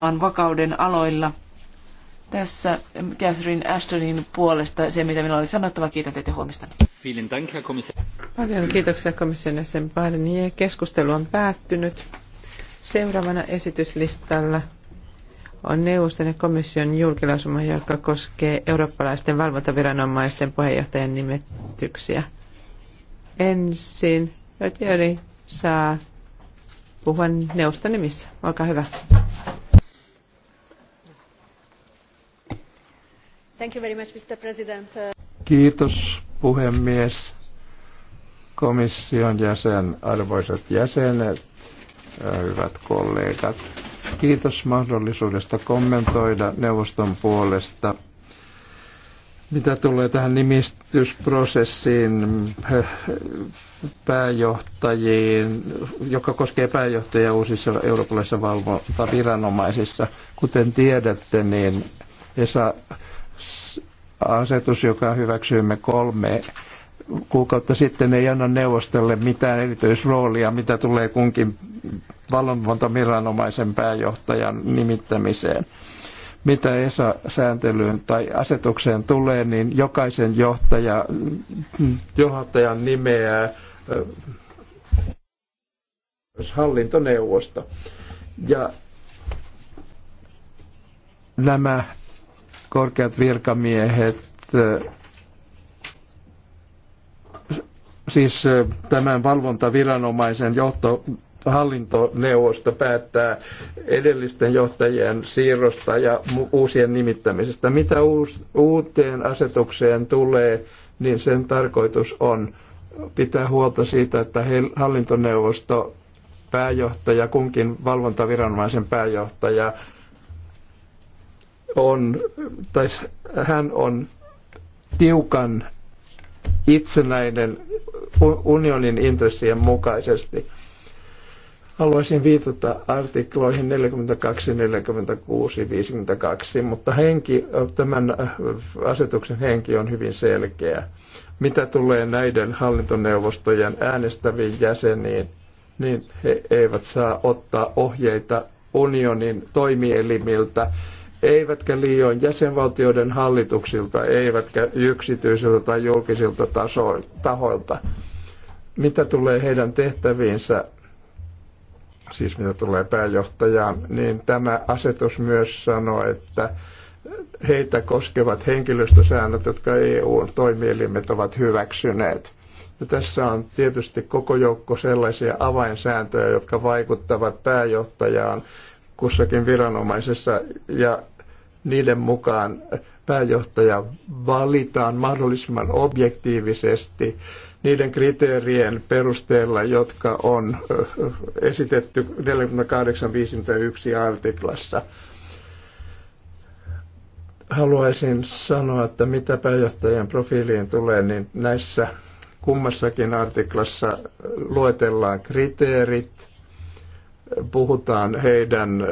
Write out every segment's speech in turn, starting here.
on vakauden aloilla. Tässä Catherine Ashtonin puolesta se, mitä minulla oli sanottava. Kiitän teitä huomista. Paljon kiitoksia komission jäsen Barnier. Keskustelu on päättynyt. Seuraavana esityslistalla on neuvoston ja komission julkilausuma, joka koskee eurooppalaisten valvontaviranomaisten puheenjohtajan nimetyksiä. Ensin Rötjöri saa puhua neuvoston nimissä. Olkaa hyvä. Thank you very much, Mr. President. Kiitos puhemies, komission jäsen, arvoisat jäsenet, äh, hyvät kollegat. Kiitos mahdollisuudesta kommentoida neuvoston puolesta mitä tulee tähän nimistysprosessiin, äh, pääjohtajiin, joka koskee pääjohtajia uusissa eurooppalaisissa valvontaviranomaisissa, kuten tiedätte, niin ESA asetus, joka hyväksyimme kolme kuukautta sitten, ei anna neuvostolle mitään erityisroolia, mitä tulee kunkin valvontaviranomaisen pääjohtajan nimittämiseen. Mitä ESA-sääntelyyn tai asetukseen tulee, niin jokaisen johtaja, johtajan nimeää hallintoneuvosto. Ja nämä korkeat virkamiehet, eh, siis eh, tämän valvontaviranomaisen johto, hallintoneuvosto päättää edellisten johtajien siirrosta ja uusien nimittämisestä. Mitä uuteen asetukseen tulee, niin sen tarkoitus on pitää huolta siitä, että hallintoneuvosto pääjohtaja, kunkin valvontaviranomaisen pääjohtaja on, tai hän on tiukan itsenäinen unionin intressien mukaisesti. Haluaisin viitata artikloihin 42, 46, 52, mutta henki, tämän asetuksen henki on hyvin selkeä. Mitä tulee näiden hallintoneuvostojen äänestäviin jäseniin, niin he eivät saa ottaa ohjeita unionin toimielimiltä eivätkä liioin jäsenvaltioiden hallituksilta, eivätkä yksityisiltä tai julkisilta taso- tahoilta. Mitä tulee heidän tehtäviinsä, siis mitä tulee pääjohtajaan, niin tämä asetus myös sanoo, että heitä koskevat henkilöstösäännöt, jotka EUn toimielimet ovat hyväksyneet. Ja tässä on tietysti koko joukko sellaisia avainsääntöjä, jotka vaikuttavat pääjohtajaan kussakin viranomaisessa ja niiden mukaan pääjohtaja valitaan mahdollisimman objektiivisesti niiden kriteerien perusteella, jotka on esitetty 48.51 artiklassa. Haluaisin sanoa, että mitä pääjohtajan profiiliin tulee, niin näissä kummassakin artiklassa luetellaan kriteerit, puhutaan heidän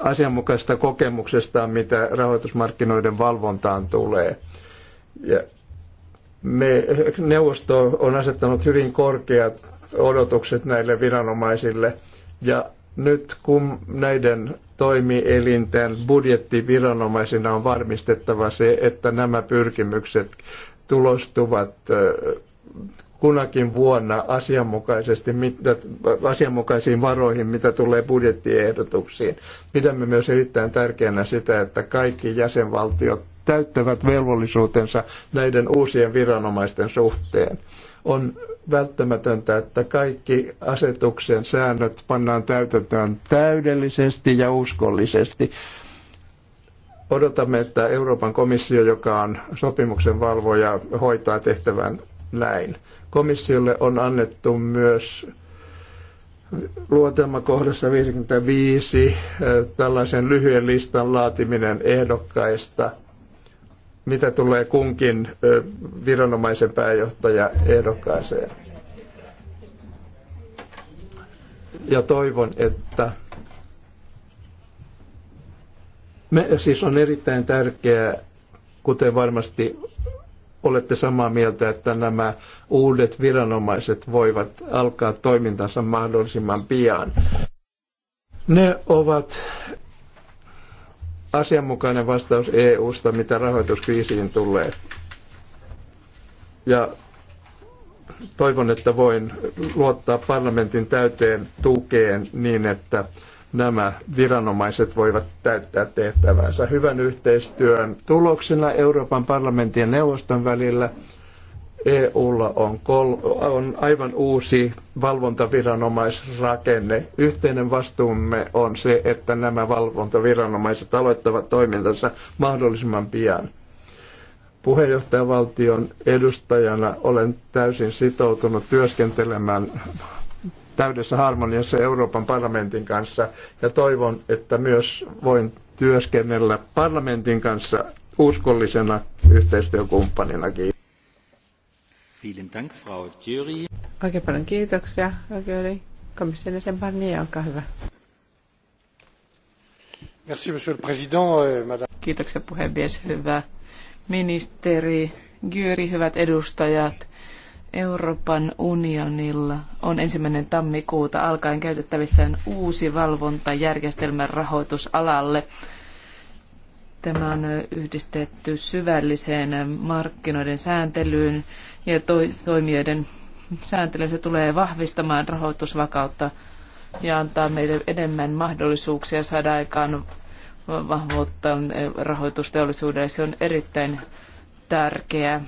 asianmukaisesta kokemuksestaan, mitä rahoitusmarkkinoiden valvontaan tulee. Ja me, neuvosto on asettanut hyvin korkeat odotukset näille viranomaisille ja nyt kun näiden toimielinten budjettiviranomaisina on varmistettava se, että nämä pyrkimykset tulostuvat kunakin vuonna asianmukaisesti, mitä, asianmukaisiin varoihin, mitä tulee budjettiehdotuksiin. Pidämme myös erittäin tärkeänä sitä, että kaikki jäsenvaltiot täyttävät velvollisuutensa näiden uusien viranomaisten suhteen. On välttämätöntä, että kaikki asetuksen säännöt pannaan täytäntöön täydellisesti ja uskollisesti. Odotamme, että Euroopan komissio, joka on sopimuksen valvoja, hoitaa tehtävän näin. Komissiolle on annettu myös luotelmakohdassa 55 eh, tällaisen lyhyen listan laatiminen ehdokkaista, mitä tulee kunkin eh, viranomaisen pääjohtaja ehdokkaaseen. Ja toivon, että me, siis on erittäin tärkeää, kuten varmasti olette samaa mieltä, että nämä uudet viranomaiset voivat alkaa toimintansa mahdollisimman pian. Ne ovat asianmukainen vastaus EUsta, mitä rahoituskriisiin tulee. Ja toivon, että voin luottaa parlamentin täyteen tukeen niin, että nämä viranomaiset voivat täyttää tehtävänsä. Hyvän yhteistyön tuloksena Euroopan parlamentin ja neuvoston välillä EUlla on, kol- on aivan uusi valvontaviranomaisrakenne. Yhteinen vastuumme on se, että nämä valvontaviranomaiset aloittavat toimintansa mahdollisimman pian. Puheenjohtajavaltion edustajana olen täysin sitoutunut työskentelemään täydessä harmoniassa Euroopan parlamentin kanssa ja toivon, että myös voin työskennellä parlamentin kanssa uskollisena yhteistyökumppanina. Vielen Dank, Frau Thierry. Oikein paljon kiitoksia, Thierry. Komission jäsen Barnier, olkaa hyvä. Merci, monsieur le président, euh, madame. Kiitoksia puhemies, hyvä ministeri Györi, hyvät edustajat. Euroopan unionilla on ensimmäinen tammikuuta alkaen käytettävissään uusi valvontajärjestelmän rahoitusalalle. Tämä on yhdistetty syvälliseen markkinoiden sääntelyyn ja toimijoiden sääntelyyn. Se tulee vahvistamaan rahoitusvakautta ja antaa meille enemmän mahdollisuuksia saada aikaan vahvuutta rahoitusteollisuudelle. Se on erittäin tärkeää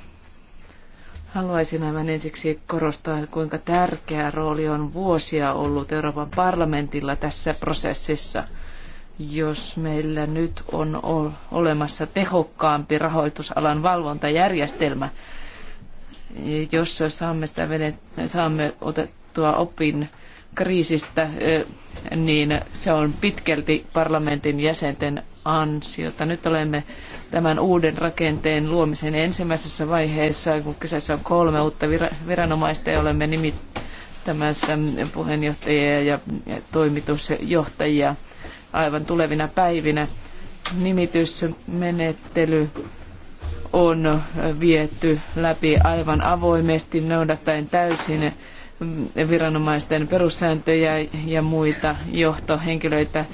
Haluaisin aivan ensiksi korostaa, kuinka tärkeä rooli on vuosia ollut Euroopan parlamentilla tässä prosessissa. Jos meillä nyt on olemassa tehokkaampi rahoitusalan valvontajärjestelmä, jossa saamme, sitä vedet, saamme otettua opin kriisistä, niin se on pitkälti parlamentin jäsenten ansiota. Nyt olemme tämän uuden rakenteen luomisen ensimmäisessä vaiheessa, kun kyseessä on kolme uutta viranomaista ja olemme nimittämässä puheenjohtajia ja toimitusjohtajia aivan tulevina päivinä. Nimitysmenettely on viety läpi aivan avoimesti noudattaen täysin viranomaisten perussääntöjä ja muita johtohenkilöitä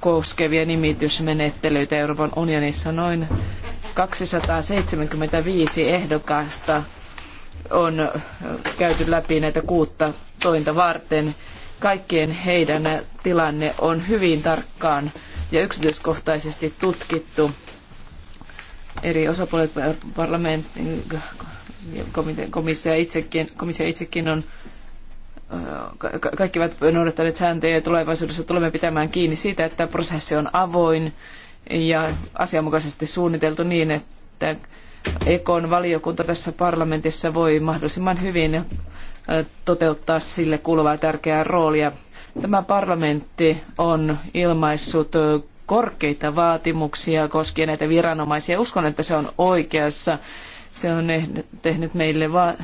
koskevia nimitysmenettelyitä Euroopan unionissa. Noin 275 ehdokasta on käyty läpi näitä kuutta tointa varten. Kaikkien heidän tilanne on hyvin tarkkaan ja yksityiskohtaisesti tutkittu. Eri osapuolet, parlamentin, komissio itsekin, komissio itsekin on ka- kaikki ovat noudattaneet sääntöjä ja tulevaisuudessa tulemme pitämään kiinni siitä, että prosessi on avoin ja asianmukaisesti suunniteltu niin, että Ekon valiokunta tässä parlamentissa voi mahdollisimman hyvin toteuttaa sille kuuluvaa tärkeää roolia. Tämä parlamentti on ilmaissut korkeita vaatimuksia koskien näitä viranomaisia. Uskon, että se on oikeassa se on tehnyt meille va-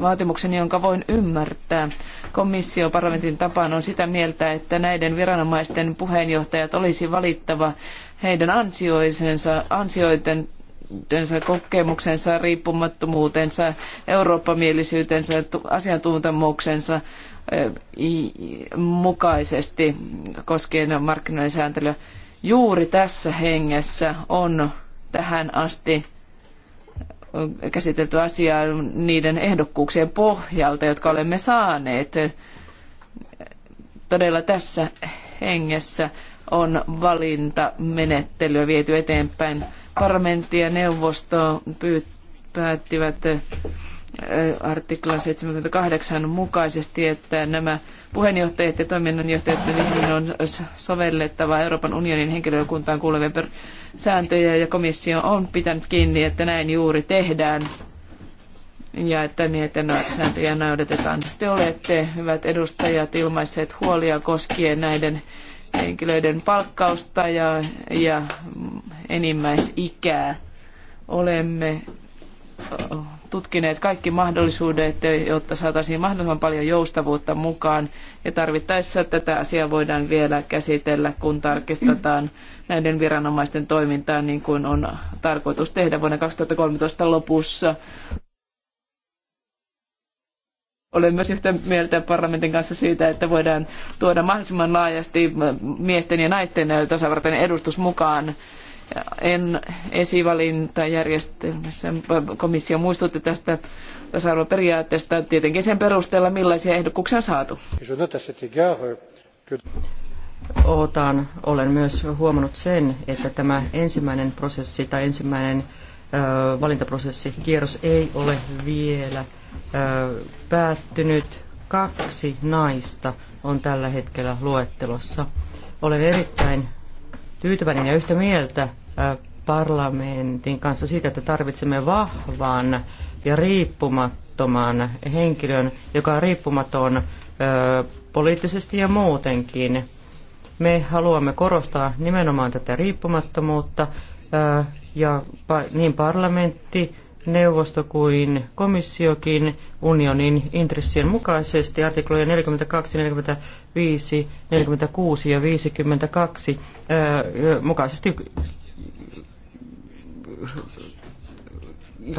vaatimuksen, jonka voin ymmärtää. Komissio parlamentin tapaan on sitä mieltä, että näiden viranomaisten puheenjohtajat olisi valittava heidän ansioisensa, ansioiten kokemuksensa, riippumattomuutensa, eurooppamielisyytensä, asiantuntemuksensa mukaisesti koskien markkinoiden sääntelyä. Juuri tässä hengessä on tähän asti käsitelty asiaa niiden ehdokkuuksien pohjalta, jotka olemme saaneet. Todella tässä hengessä on valintamenettelyä viety eteenpäin. Parlamentti ja neuvosto pyyttivät päättivät artiklan 78 mukaisesti, että nämä puheenjohtajat ja toiminnanjohtajat niihin on sovellettava Euroopan unionin henkilökuntaan kuuluvia sääntöjä ja komissio on pitänyt kiinni, että näin juuri tehdään ja että niitä sääntöjä noudatetaan. Te olette, hyvät edustajat, ilmaisseet huolia koskien näiden henkilöiden palkkausta ja, ja enimmäisikää. Olemme tutkineet kaikki mahdollisuudet, jotta saataisiin mahdollisimman paljon joustavuutta mukaan. Ja tarvittaessa tätä asiaa voidaan vielä käsitellä, kun tarkistetaan näiden viranomaisten toimintaa, niin kuin on tarkoitus tehdä vuonna 2013 lopussa. Olen myös yhtä mieltä parlamentin kanssa siitä, että voidaan tuoda mahdollisimman laajasti miesten ja naisten tasavertainen edustus mukaan en esivalintajärjestelmässä. Komissio muistutti tästä tasa-arvoperiaatteesta tietenkin sen perusteella, millaisia ehdotuksia on saatu. Otan, olen myös huomannut sen, että tämä ensimmäinen prosessi tai ensimmäinen ö, valintaprosessi kierros ei ole vielä päättynyt. Kaksi naista on tällä hetkellä luettelossa. Olen erittäin tyytyväinen ja yhtä mieltä parlamentin kanssa siitä, että tarvitsemme vahvan ja riippumattoman henkilön, joka on riippumaton poliittisesti ja muutenkin. Me haluamme korostaa nimenomaan tätä riippumattomuutta ja niin parlamentti neuvosto kuin komissiokin unionin intressien mukaisesti artikloja 42, 45, 46 ja 52 ää, mukaisesti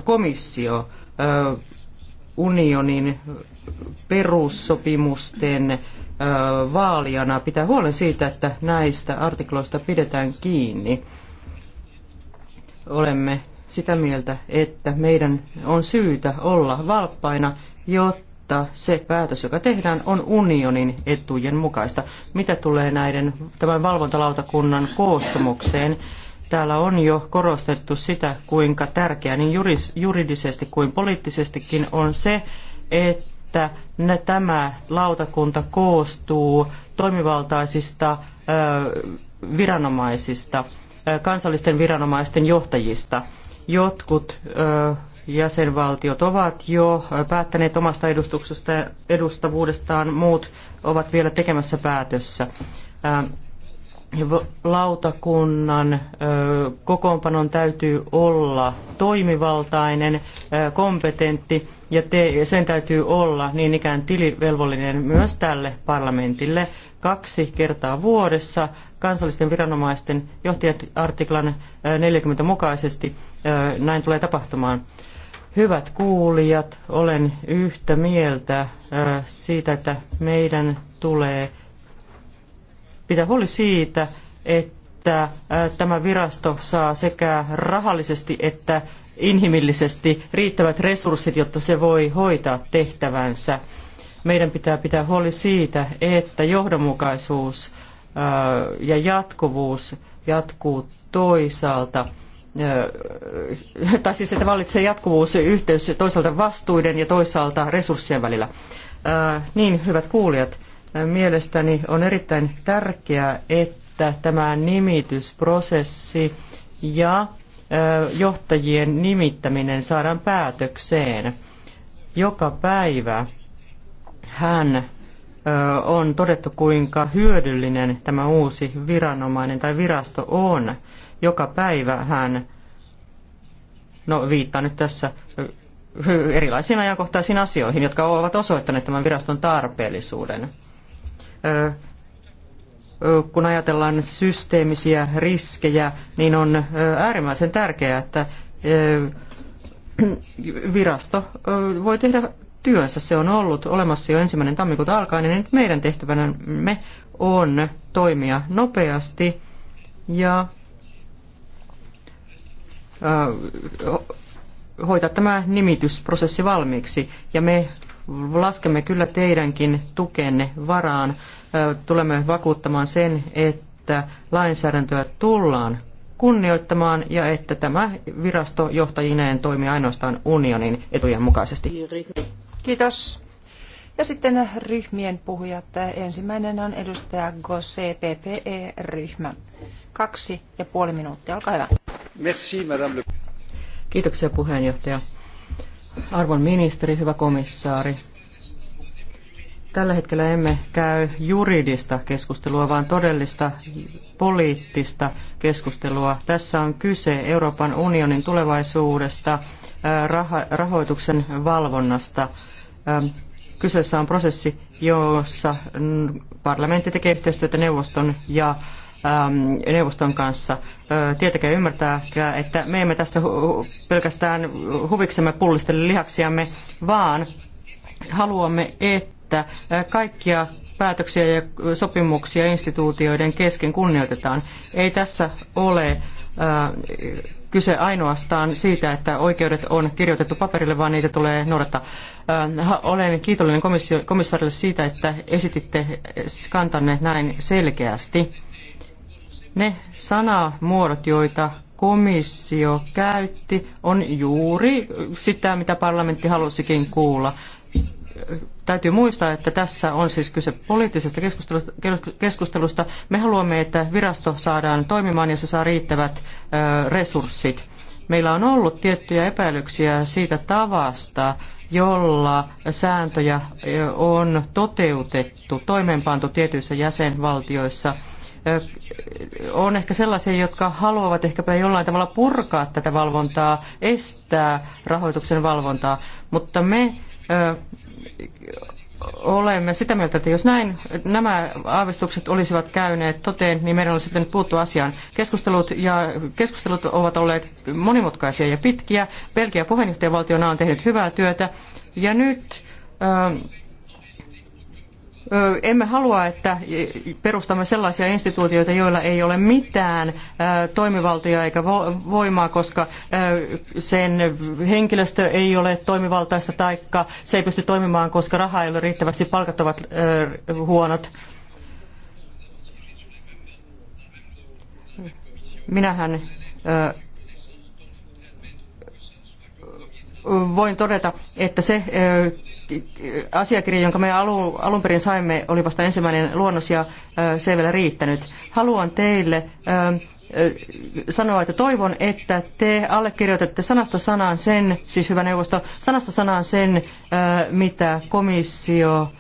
komissio ää, unionin perussopimusten ää, vaalijana pitää huolen siitä, että näistä artikloista pidetään kiinni. Olemme sitä mieltä, että meidän on syytä olla valppaina, jotta se päätös, joka tehdään, on unionin etujen mukaista. Mitä tulee näiden tämän valvontalautakunnan koostumukseen, täällä on jo korostettu sitä, kuinka tärkeää niin juris, juridisesti kuin poliittisestikin on se, että ne tämä lautakunta koostuu toimivaltaisista viranomaisista, kansallisten viranomaisten johtajista – Jotkut ö, jäsenvaltiot ovat jo päättäneet omasta edustavuudestaan, muut ovat vielä tekemässä päätössä. Lautakunnan kokoonpanon täytyy olla toimivaltainen, kompetentti ja sen täytyy olla niin ikään tilivelvollinen myös tälle parlamentille kaksi kertaa vuodessa kansallisten viranomaisten johtajat artiklan 40 mukaisesti näin tulee tapahtumaan. Hyvät kuulijat, olen yhtä mieltä siitä, että meidän tulee pitää huoli siitä, että tämä virasto saa sekä rahallisesti että inhimillisesti riittävät resurssit, jotta se voi hoitaa tehtävänsä. Meidän pitää pitää huoli siitä, että johdonmukaisuus ja jatkuvuus jatkuu toisaalta tai siis että vallitsee jatkuvuus yhteys toisaalta vastuiden ja toisaalta resurssien välillä. Niin, hyvät kuulijat, mielestäni on erittäin tärkeää, että tämä nimitysprosessi ja johtajien nimittäminen saadaan päätökseen. Joka päivä hän on todettu, kuinka hyödyllinen tämä uusi viranomainen tai virasto on. Joka päivä hän, no viittaan nyt tässä erilaisiin ajankohtaisiin asioihin, jotka ovat osoittaneet tämän viraston tarpeellisuuden. Kun ajatellaan systeemisiä riskejä, niin on äärimmäisen tärkeää, että virasto voi tehdä työnsä. Se on ollut olemassa jo ensimmäinen tammikuuta alkaen, ja niin nyt meidän tehtävänämme on toimia nopeasti ja hoitaa tämä nimitysprosessi valmiiksi. Ja me laskemme kyllä teidänkin tukenne varaan. Tulemme vakuuttamaan sen, että lainsäädäntöä tullaan kunnioittamaan ja että tämä virasto johtajineen toimii ainoastaan unionin etujen mukaisesti. Kiitos. Ja sitten ryhmien puhujat. Ensimmäinen on edustaja Gosse, PPE-ryhmä. Kaksi ja puoli minuuttia, olkaa hyvä. Merci, madame le... Kiitoksia puheenjohtaja. Arvon ministeri, hyvä komissaari. Tällä hetkellä emme käy juridista keskustelua, vaan todellista poliittista keskustelua. Tässä on kyse Euroopan unionin tulevaisuudesta – rahoituksen valvonnasta. Kyseessä on prosessi, jossa parlamentti tekee yhteistyötä neuvoston ja neuvoston kanssa. Tietäkää ymmärtääkää, että me emme tässä pelkästään huviksemme pullistele lihaksiamme, vaan haluamme, että kaikkia päätöksiä ja sopimuksia instituutioiden kesken kunnioitetaan. Ei tässä ole kyse ainoastaan siitä, että oikeudet on kirjoitettu paperille, vaan niitä tulee noudattaa. Olen kiitollinen komissio, komissaarille siitä, että esititte kantanne näin selkeästi. Ne sanamuodot, joita komissio käytti, on juuri sitä, mitä parlamentti halusikin kuulla täytyy muistaa, että tässä on siis kyse poliittisesta keskustelusta. Me haluamme, että virasto saadaan toimimaan ja se saa riittävät resurssit. Meillä on ollut tiettyjä epäilyksiä siitä tavasta, jolla sääntöjä on toteutettu, toimeenpantu tietyissä jäsenvaltioissa on ehkä sellaisia, jotka haluavat ehkäpä jollain tavalla purkaa tätä valvontaa, estää rahoituksen valvontaa, mutta me olemme sitä mieltä, että jos näin nämä aavistukset olisivat käyneet toteen, niin meidän olisi sitten puuttua asiaan. Keskustelut, ja, keskustelut ovat olleet monimutkaisia ja pitkiä. Belgia puheenjohtajavaltiona on tehnyt hyvää työtä. Ja nyt... Äh, emme halua, että perustamme sellaisia instituutioita, joilla ei ole mitään toimivaltoja eikä voimaa, koska sen henkilöstö ei ole toimivaltaista taikka se ei pysty toimimaan, koska raha ei ole riittävästi, palkat ovat huonot. Minähän voin todeta, että se asiakirja, jonka me alu, alun perin saimme, oli vasta ensimmäinen luonnos ja se ei vielä riittänyt. Haluan teille sanoa, että toivon, että te allekirjoitatte sanasta sanaan sen, siis hyvä neuvosto, sanasta sanaan sen, mitä komissio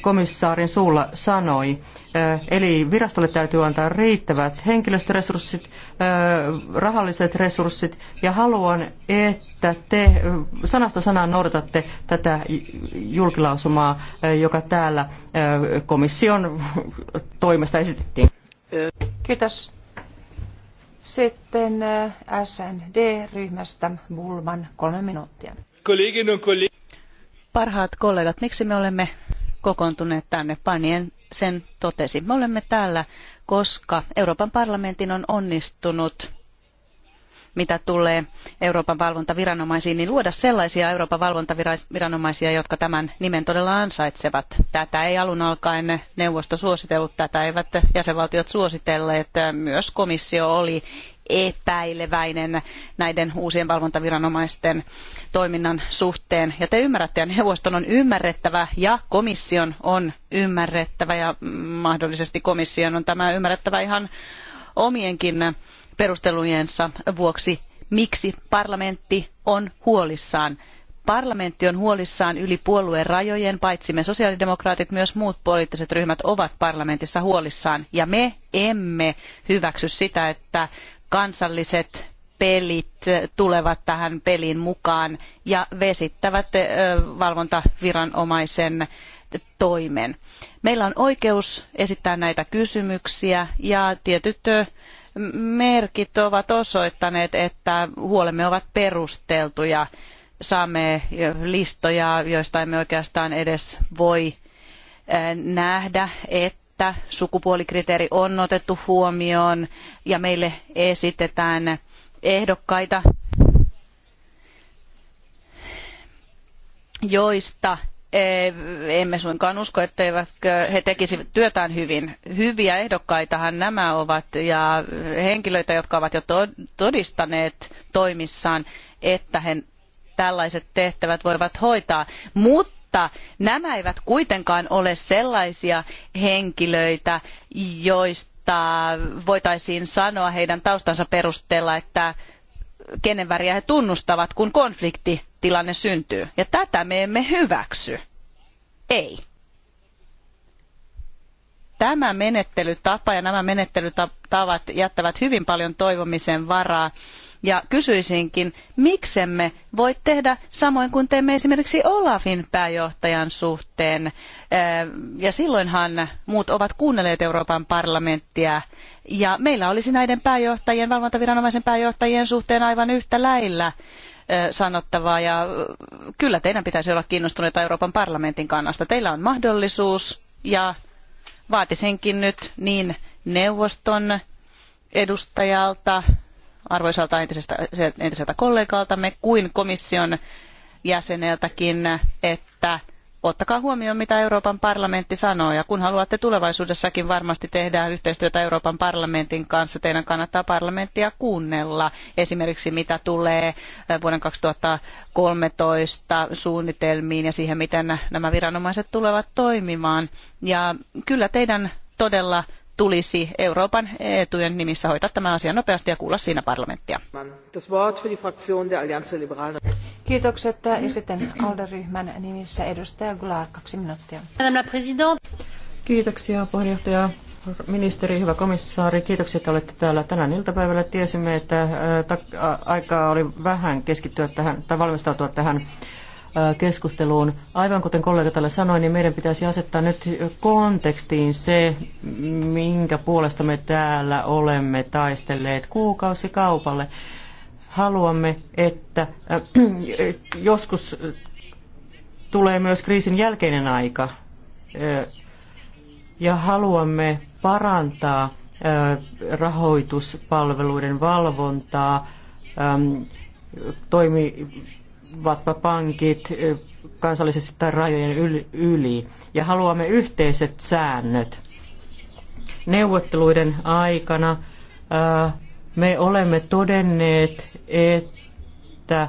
komissaarin suulla sanoi. Eli virastolle täytyy antaa riittävät henkilöstöresurssit, rahalliset resurssit ja haluan, että te sanasta sanaan noudatatte tätä julkilausumaa, joka täällä komission toimesta esitettiin. Kiitos. Sitten SND-ryhmästä Bulman kolme minuuttia. Parhaat kollegat, miksi me olemme kokoontuneet tänne. Panien sen totesi. Me olemme täällä, koska Euroopan parlamentin on onnistunut mitä tulee Euroopan valvontaviranomaisiin, niin luoda sellaisia Euroopan valvontaviranomaisia, jotka tämän nimen todella ansaitsevat. Tätä ei alun alkaen neuvosto suositellut, tätä eivät jäsenvaltiot suositelleet, myös komissio oli epäileväinen näiden uusien valvontaviranomaisten toiminnan suhteen. Ja te ymmärrätte, ja neuvoston on ymmärrettävä ja komission on ymmärrettävä ja mahdollisesti komission on tämä ymmärrettävä ihan omienkin perustelujensa vuoksi, miksi parlamentti on huolissaan. Parlamentti on huolissaan yli puolueen rajojen, paitsi me sosiaalidemokraatit, myös muut poliittiset ryhmät ovat parlamentissa huolissaan. Ja me emme hyväksy sitä, että kansalliset pelit tulevat tähän peliin mukaan ja vesittävät valvontaviranomaisen toimen. Meillä on oikeus esittää näitä kysymyksiä ja tietyt merkit ovat osoittaneet, että huolemme ovat perusteltuja. Saamme listoja, joista emme oikeastaan edes voi eh, nähdä, että sukupuolikriteeri on otettu huomioon ja meille esitetään ehdokkaita, joista E, emme suinkaan usko, etteivätkö he tekisivät työtään hyvin. Hyviä ehdokkaitahan nämä ovat ja henkilöitä, jotka ovat jo todistaneet toimissaan, että he tällaiset tehtävät voivat hoitaa. Mutta nämä eivät kuitenkaan ole sellaisia henkilöitä, joista voitaisiin sanoa heidän taustansa perusteella, että kenen väriä he tunnustavat, kun konfliktitilanne syntyy. Ja tätä me emme hyväksy. Ei tämä menettelytapa ja nämä menettelytavat jättävät hyvin paljon toivomisen varaa. Ja kysyisinkin, miksemme voi tehdä samoin kuin teemme esimerkiksi Olafin pääjohtajan suhteen. Äh, ja silloinhan muut ovat kuunnelleet Euroopan parlamenttia. Ja meillä olisi näiden pääjohtajien, valvontaviranomaisen pääjohtajien suhteen aivan yhtä lailla äh, sanottavaa. Ja äh, kyllä teidän pitäisi olla kiinnostuneita Euroopan parlamentin kannasta. Teillä on mahdollisuus ja vaatisinkin nyt niin neuvoston edustajalta, arvoisalta entiseltä, entiseltä kollegaltamme kuin komission jäseneltäkin, että ottakaa huomioon, mitä Euroopan parlamentti sanoo. Ja kun haluatte tulevaisuudessakin varmasti tehdä yhteistyötä Euroopan parlamentin kanssa, teidän kannattaa parlamenttia kuunnella. Esimerkiksi mitä tulee eh, vuoden 2013 suunnitelmiin ja siihen, miten nämä viranomaiset tulevat toimimaan. Ja kyllä teidän todella tulisi Euroopan etujen nimissä hoitaa tämä asia nopeasti ja kuulla siinä parlamenttia. Kiitokset äh, ja sitten ALDE-ryhmän nimissä edustaja Gular, kaksi minuuttia. Kiitoksia puheenjohtaja. Ministeri, hyvä komissaari, kiitoksia, että olette täällä tänään iltapäivällä. Tiesimme, että äh, aikaa oli vähän keskittyä tähän tai valmistautua tähän keskusteluun. Aivan kuten kollega täällä sanoi, niin meidän pitäisi asettaa nyt kontekstiin se, minkä puolesta me täällä olemme taistelleet kuukausikaupalle. Haluamme, että joskus tulee myös kriisin jälkeinen aika ja haluamme parantaa rahoituspalveluiden valvontaa, toimi, vaikka pankit kansallisesti tai rajojen yli. Ja haluamme yhteiset säännöt. Neuvotteluiden aikana me olemme todenneet, että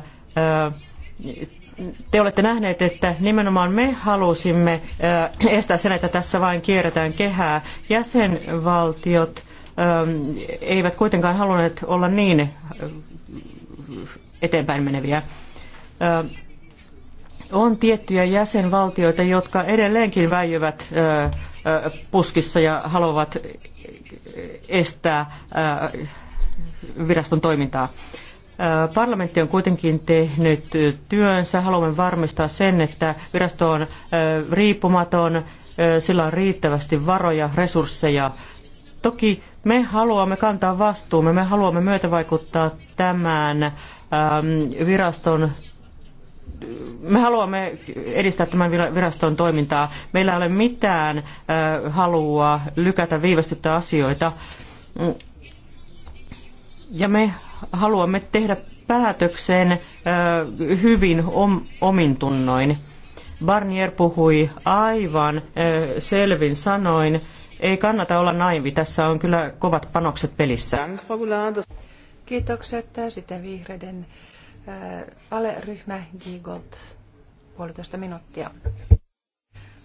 te olette nähneet, että nimenomaan me halusimme estää sen, että tässä vain kierretään kehää. Jäsenvaltiot eivät kuitenkaan halunneet olla niin eteenpäin meneviä on tiettyjä jäsenvaltioita, jotka edelleenkin väijyvät puskissa ja haluavat estää viraston toimintaa. Parlamentti on kuitenkin tehnyt työnsä. Haluamme varmistaa sen, että virasto on riippumaton, sillä on riittävästi varoja, resursseja. Toki me haluamme kantaa vastuumme, me haluamme myötävaikuttaa tämän viraston me haluamme edistää tämän viraston toimintaa. Meillä ei ole mitään halua lykätä viivästyttä asioita. Ja me haluamme tehdä päätöksen hyvin omintunnoin. Barnier puhui aivan selvin sanoin. Ei kannata olla naivi. Tässä on kyllä kovat panokset pelissä. Kiitokset. Sitten vihreiden Aleryhmä Gigold, puolitoista minuuttia.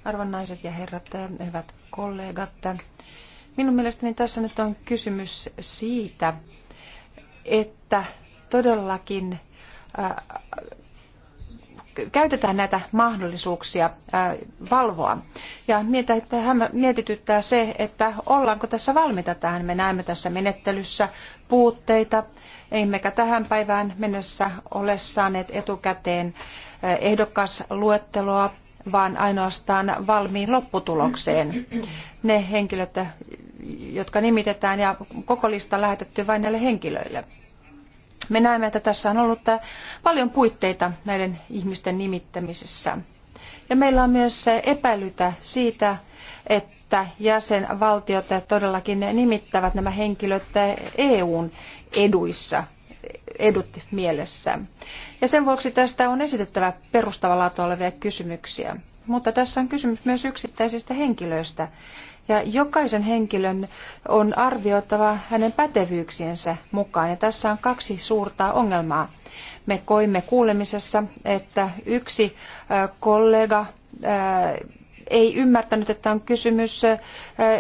Arvon naiset ja herrat, hyvät kollegat. Minun mielestäni tässä nyt on kysymys siitä, että todellakin käytetään näitä mahdollisuuksia valvoa. Ja mietityttää se, että ollaanko tässä valmiita tähän. Me näemme tässä menettelyssä puutteita, emmekä tähän päivään mennessä ole saaneet etukäteen ehdokasluetteloa, vaan ainoastaan valmiin lopputulokseen. Ne henkilöt, jotka nimitetään ja koko lista lähetetty vain näille henkilöille. Me näemme, että tässä on ollut äh, paljon puitteita näiden ihmisten nimittämisessä. Ja meillä on myös äh, epäilytä siitä, että jäsenvaltiot äh, todellakin nimittävät nämä henkilöt EUn eduissa, edut mielessä. Ja sen vuoksi tästä on esitettävä perustavanlaatua olevia kysymyksiä. Mutta tässä on kysymys myös yksittäisistä henkilöistä. Ja jokaisen henkilön on arvioitava hänen pätevyyksiensä mukaan. Ja tässä on kaksi suurta ongelmaa. Me koimme kuulemisessa, että yksi kollega ei ymmärtänyt, että on kysymys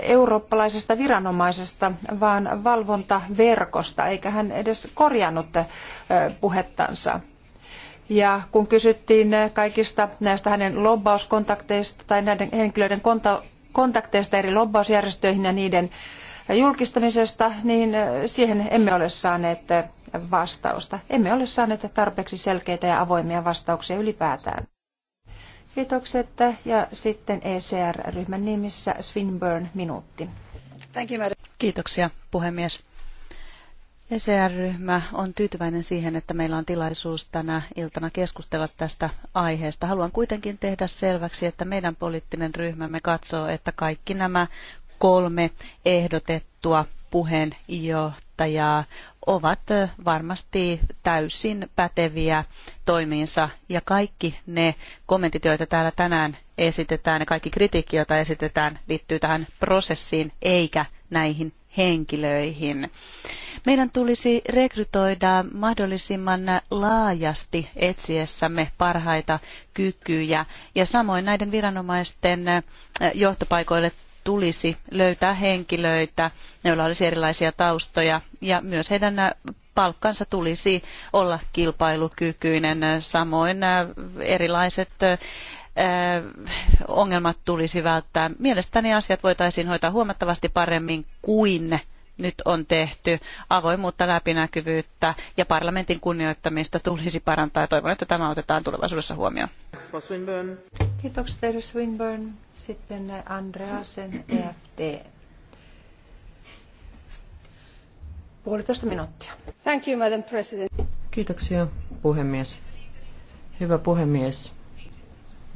eurooppalaisesta viranomaisesta, vaan valvontaverkosta, eikä hän edes korjannut puhettansa. Ja kun kysyttiin kaikista näistä hänen lobbauskontakteista tai näiden henkilöiden kontakteista eri lobbausjärjestöihin ja niiden julkistamisesta, niin siihen emme ole saaneet vastausta. Emme ole saaneet tarpeeksi selkeitä ja avoimia vastauksia ylipäätään. Kiitokset ja sitten ECR-ryhmän nimissä Swinburne minuutti. Kiitoksia puhemies. ECR-ryhmä on tyytyväinen siihen, että meillä on tilaisuus tänä iltana keskustella tästä aiheesta. Haluan kuitenkin tehdä selväksi, että meidän poliittinen ryhmämme katsoo, että kaikki nämä kolme ehdotettua puheenjohtajaa ovat varmasti täysin päteviä toimiinsa ja kaikki ne kommentit, joita täällä tänään esitetään ja kaikki kritiikki, jota esitetään, liittyy tähän prosessiin eikä näihin henkilöihin. Meidän tulisi rekrytoida mahdollisimman laajasti etsiessämme parhaita kykyjä ja samoin näiden viranomaisten eh, johtopaikoille tulisi löytää henkilöitä, joilla olisi erilaisia taustoja ja myös heidän eh, palkkansa tulisi olla kilpailukykyinen. Samoin eh, erilaiset ongelmat tulisi välttää. Mielestäni asiat voitaisiin hoitaa huomattavasti paremmin kuin nyt on tehty. Avoimuutta, läpinäkyvyyttä ja parlamentin kunnioittamista tulisi parantaa ja toivon, että tämä otetaan tulevaisuudessa huomioon. Kiitokset Eero Swinburne. Sitten Andreasen EFD. Puolitoista minuuttia. Thank you, Madam President. Kiitoksia, puhemies. Hyvä puhemies.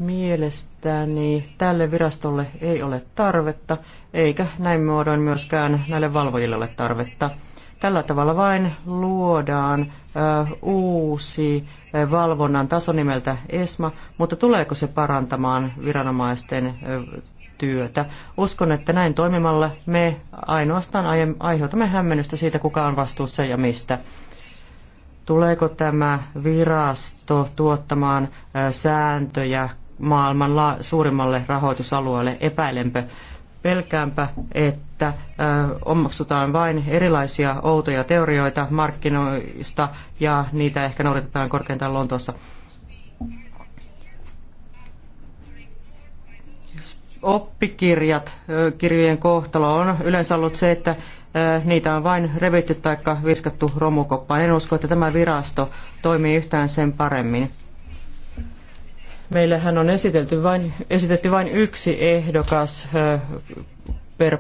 Mielestäni tälle virastolle ei ole tarvetta, eikä näin muodoin myöskään näille valvojille ole tarvetta. Tällä tavalla vain luodaan uusi valvonnan taso nimeltä ESMA, mutta tuleeko se parantamaan viranomaisten työtä? Uskon, että näin toimimalla me ainoastaan aiheutamme hämmennystä siitä, kuka on vastuussa ja mistä. Tuleeko tämä virasto tuottamaan sääntöjä maailman suurimmalle rahoitusalueelle. Epäilenpä pelkäänpä, että omaksutaan vain erilaisia outoja teorioita markkinoista ja niitä ehkä noudatetaan korkeintaan Lontoossa. Oppikirjat, kirjojen kohtalo on yleensä ollut se, että niitä on vain revitty tai viskattu romukoppaan. En usko, että tämä virasto toimii yhtään sen paremmin. Meillähän on esitelty vain, esitetty vain yksi ehdokas per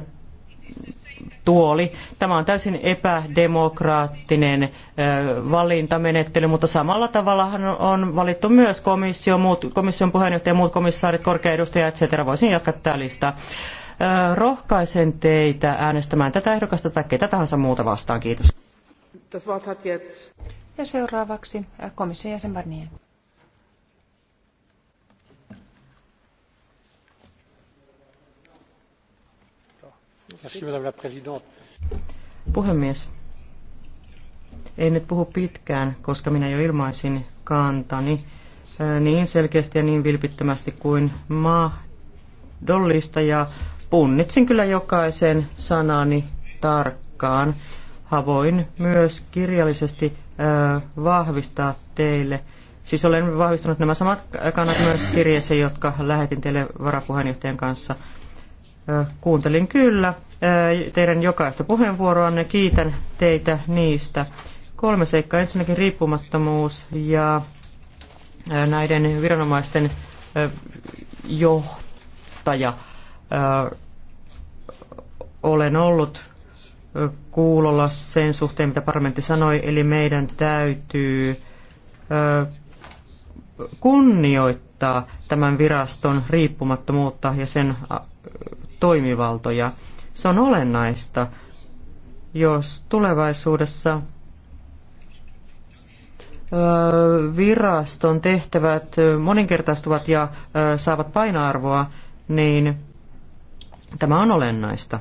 tuoli. Tämä on täysin epädemokraattinen valintamenettely, mutta samalla tavallahan on valittu myös komissio, muut, komission puheenjohtaja, muut komissaarit, korkea edustaja, etc. Voisin jatkaa tätä listaa. Rohkaisen teitä äänestämään tätä ehdokasta tai ketä tahansa muuta vastaan. Kiitos. Ja seuraavaksi komission jäsen Barnier. Puhemies, en nyt puhu pitkään, koska minä jo ilmaisin kantani äh, niin selkeästi ja niin vilpittömästi kuin mahdollista ja punnitsin kyllä jokaisen sanani tarkkaan. Havoin myös kirjallisesti äh, vahvistaa teille. Siis olen vahvistanut nämä samat kannat myös kirjeeseen, jotka lähetin teille varapuheenjohtajan kanssa. Äh, kuuntelin kyllä teidän jokaista puheenvuoroanne. Kiitän teitä niistä. Kolme seikkaa. Ensinnäkin riippumattomuus ja näiden viranomaisten johtaja. Olen ollut kuulolla sen suhteen, mitä parlamentti sanoi, eli meidän täytyy kunnioittaa tämän viraston riippumattomuutta ja sen toimivaltoja. Se on olennaista, jos tulevaisuudessa viraston tehtävät moninkertaistuvat ja saavat painoarvoa, niin tämä on olennaista.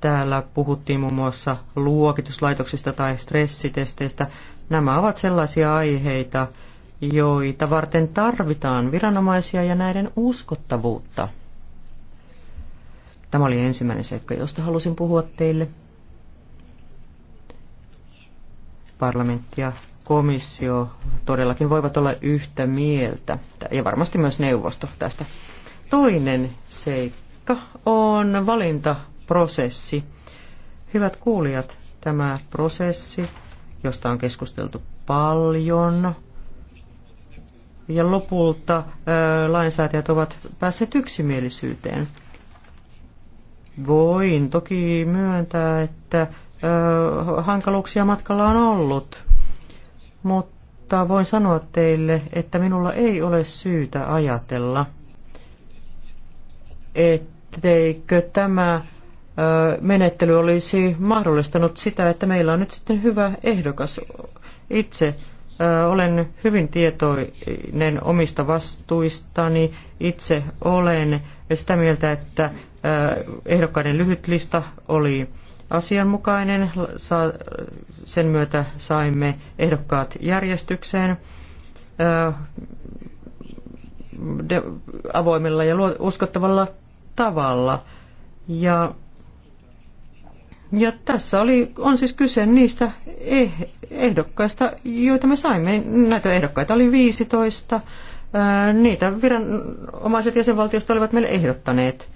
Täällä puhuttiin muun muassa luokituslaitoksista tai stressitesteistä. Nämä ovat sellaisia aiheita, joita varten tarvitaan viranomaisia ja näiden uskottavuutta. Tämä oli ensimmäinen seikka, josta halusin puhua teille. Parlamentti ja komissio todellakin voivat olla yhtä mieltä, ja varmasti myös neuvosto tästä. Toinen seikka on valintaprosessi. Hyvät kuulijat, tämä prosessi, josta on keskusteltu paljon, ja lopulta ö, lainsäätäjät ovat päässeet yksimielisyyteen – Voin toki myöntää, että ö, hankaluuksia matkalla on ollut, mutta voin sanoa teille, että minulla ei ole syytä ajatella, etteikö tämä ö, menettely olisi mahdollistanut sitä, että meillä on nyt sitten hyvä ehdokas itse olen hyvin tietoinen omista vastuistani. Itse olen sitä mieltä, että ehdokkaiden lyhyt lista oli asianmukainen. Sen myötä saimme ehdokkaat järjestykseen avoimella ja uskottavalla tavalla. Ja, ja tässä oli, on siis kyse niistä eh, ehdokkaista, joita me saimme. Näitä ehdokkaita oli 15. Niitä viranomaiset jäsenvaltiosta olivat meille ehdottaneet.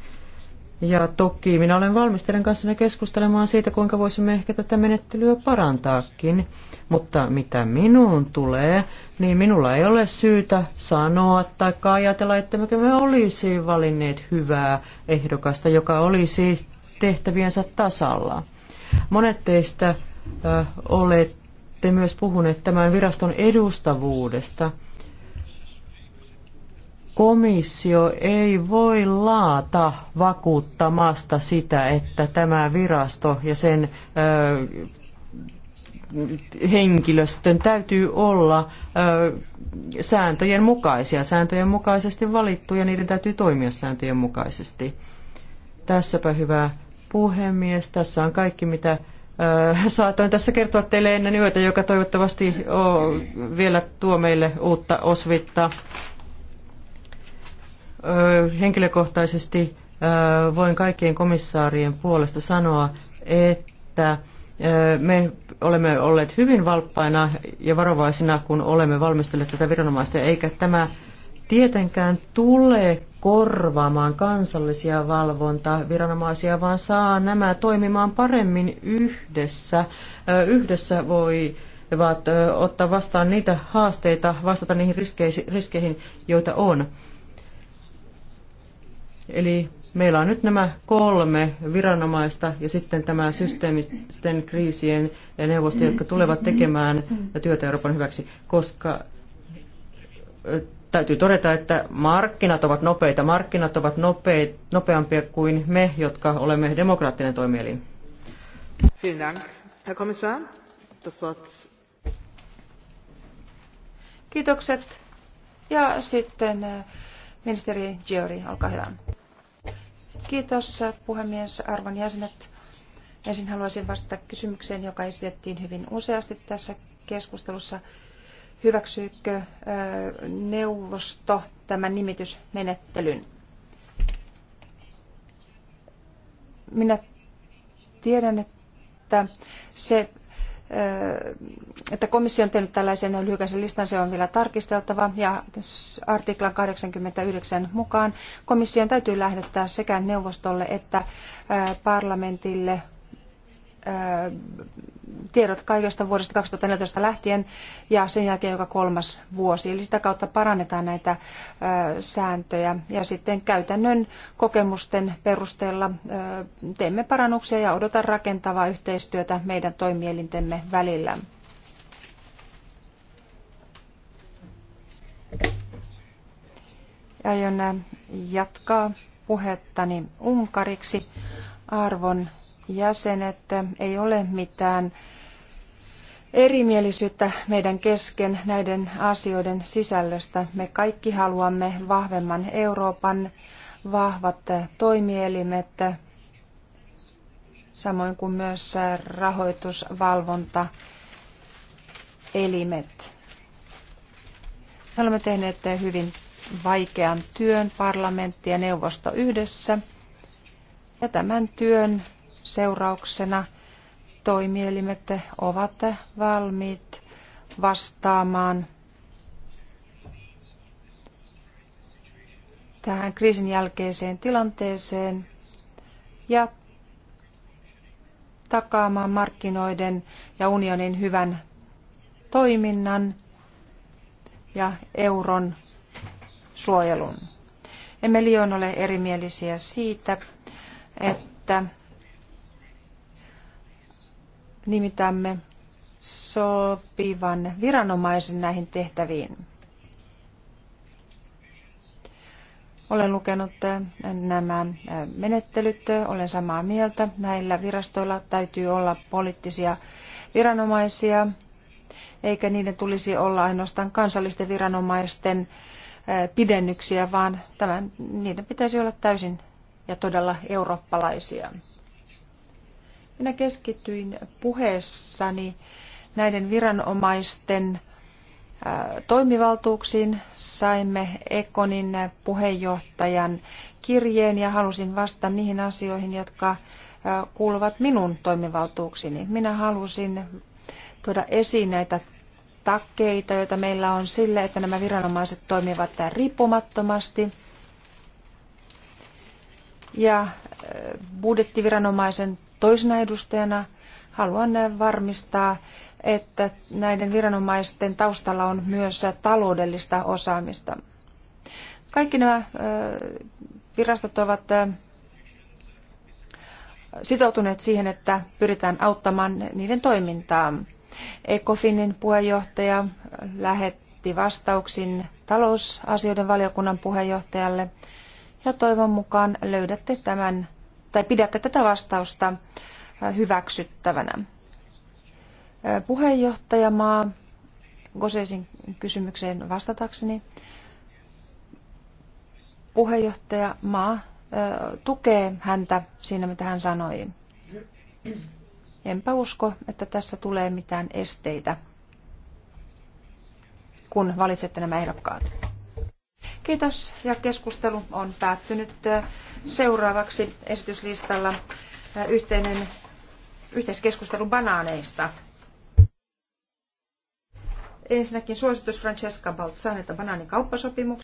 Ja toki minä olen teidän kanssa keskustelemaan siitä, kuinka voisimme ehkä tätä menettelyä parantaakin. Mutta mitä minuun tulee, niin minulla ei ole syytä sanoa tai ajatella, että me olisi valinneet hyvää ehdokasta, joka olisi tehtäviensä tasalla. Monet teistä äh, olette myös puhuneet tämän viraston edustavuudesta – komissio ei voi laata vakuuttamasta sitä, että tämä virasto ja sen ö, henkilöstön täytyy olla ö, sääntöjen mukaisia, sääntöjen mukaisesti valittuja, niiden täytyy toimia sääntöjen mukaisesti. Tässäpä hyvä puhemies, tässä on kaikki mitä saatoin tässä kertoa teille ennen yötä, joka toivottavasti vielä tuo meille uutta osvittaa henkilökohtaisesti voin kaikkien komissaarien puolesta sanoa, että me olemme olleet hyvin valppaina ja varovaisina, kun olemme valmistelleet tätä viranomaista, eikä tämä tietenkään tule korvaamaan kansallisia valvontaviranomaisia, vaan saa nämä toimimaan paremmin yhdessä. Yhdessä voi ottaa vastaan niitä haasteita, vastata niihin riskeihin, joita on. Eli meillä on nyt nämä kolme viranomaista ja sitten tämä systeemisten kriisien neuvosto, jotka tulevat tekemään työtä Euroopan hyväksi, koska täytyy todeta, että markkinat ovat nopeita. Markkinat ovat nope, nopeampia kuin me, jotka olemme demokraattinen toimielin. Vielen Dank, Herr Kommissar. Das Wort. Kiitokset. Ja sitten ministeri Giori, olkaa hyvä. Kiitos puhemies, arvon jäsenet. Ensin haluaisin vastata kysymykseen, joka esitettiin hyvin useasti tässä keskustelussa. Hyväksyykö neuvosto tämän nimitysmenettelyn? Minä tiedän, että se että komissio on tehnyt tällaisen lyhykäisen listan, se on vielä tarkisteltava. Ja artiklan 89 mukaan komission täytyy lähettää sekä neuvostolle että parlamentille tiedot kaikesta vuodesta 2014 lähtien ja sen jälkeen joka kolmas vuosi. Eli sitä kautta parannetaan näitä sääntöjä ja sitten käytännön kokemusten perusteella teemme parannuksia ja odotan rakentavaa yhteistyötä meidän toimielintemme välillä. Aion jatkaa puhettani unkariksi. Arvon jäsenet, ei ole mitään erimielisyyttä meidän kesken näiden asioiden sisällöstä. Me kaikki haluamme vahvemman Euroopan, vahvat toimielimet, samoin kuin myös rahoitusvalvontaelimet. Me olemme tehneet hyvin vaikean työn parlamentti ja neuvosto yhdessä. Ja tämän työn seurauksena toimielimet ovat valmiit vastaamaan tähän kriisin jälkeiseen tilanteeseen ja takaamaan markkinoiden ja unionin hyvän toiminnan ja euron suojelun. Emme liioin ole erimielisiä siitä, että nimitämme sopivan viranomaisen näihin tehtäviin. Olen lukenut eh, nämä eh, menettelyt, olen samaa mieltä. Näillä virastoilla täytyy olla poliittisia viranomaisia, eikä niiden tulisi olla ainoastaan kansallisten viranomaisten eh, pidennyksiä, vaan tämän, niiden pitäisi olla täysin ja todella eurooppalaisia. Minä keskityin puheessani näiden viranomaisten toimivaltuuksiin. Saimme Ekonin puheenjohtajan kirjeen ja halusin vastata niihin asioihin, jotka kuuluvat minun toimivaltuuksini. Minä halusin tuoda esiin näitä takkeita, joita meillä on sille, että nämä viranomaiset toimivat riippumattomasti. Ja budjettiviranomaisen Toisena edustajana haluan varmistaa, että näiden viranomaisten taustalla on myös taloudellista osaamista. Kaikki nämä virastot ovat sitoutuneet siihen, että pyritään auttamaan niiden toimintaa. Ecofinin puheenjohtaja lähetti vastauksin talousasioiden valiokunnan puheenjohtajalle ja toivon mukaan löydätte tämän tai pidätte tätä vastausta äh, hyväksyttävänä. Äh, puheenjohtajamaa Gosesin kysymykseen vastatakseni. Puheenjohtaja Maa äh, tukee häntä siinä, mitä hän sanoi. Enpä usko, että tässä tulee mitään esteitä, kun valitsette nämä ehdokkaat. Kiitos ja keskustelu on päättynyt. Seuraavaksi esityslistalla äh, yhteinen, yhteiskeskustelu banaaneista. Ensinnäkin suositus Francesca Balzaneta banaanikauppasopimuksen.